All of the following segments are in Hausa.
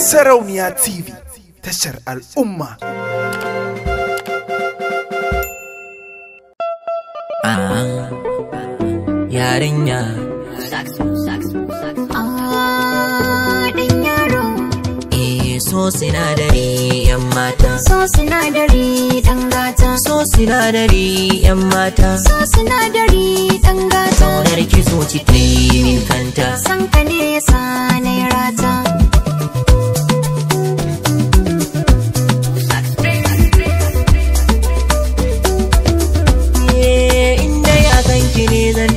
Sarauniya TV tashar al'umma. Ah, yarinya. Ah, eh, so sinadari yan mata. So sinadari dan gata. So sinadari yan mata. So sinadari dan gata. Saunar ci min kanta.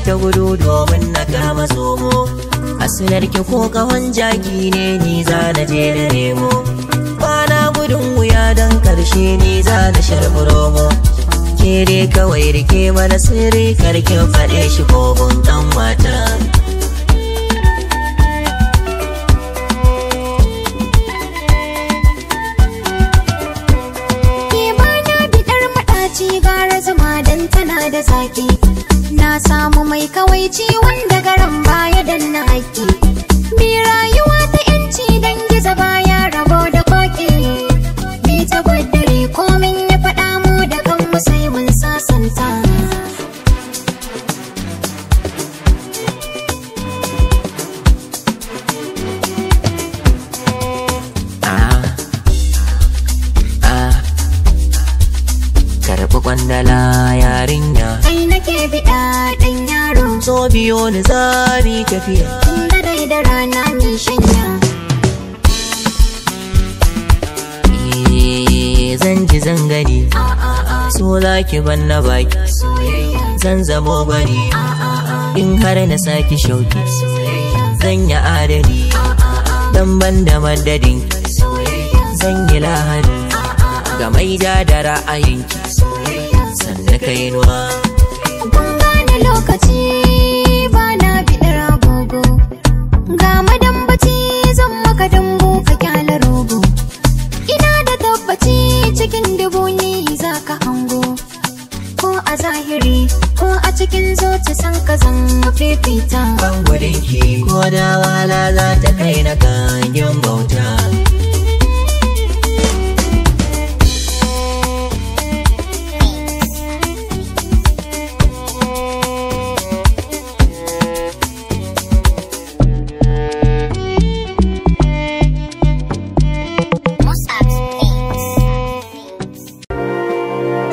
ta gudu domin na kama zomo Asinar ki ko kawon jaki ne ni za na je da nemo Kwana gudun wuya don karshe ni za na sharfi romo Kere kawai rike mana sirri karkin faɗe shi kogon ɗan mata na da zaki na samu mai kawaici wanda garan baya dan na ku kwandala yarinya Ai nake bida dan yaro so biyo ni zabi tafiya inda dai da rana ni shanya eh, zan ji zan gani so ki ban na baki zan zamo bari in har na saki shauki zan yi adali dan ban da madadin zan yi lahani ga maida da ra'ayinki sannan kai nuwa kun bani lokaci bana na agogo ga madambaci zan maka dambo ka kyala rogo ina da tabbaci cikin dubu ni za ka hango ko a zahiri ko a cikin zoci san ka zan fifita ban gudunki ko da wala za ta kai na ganyen bauta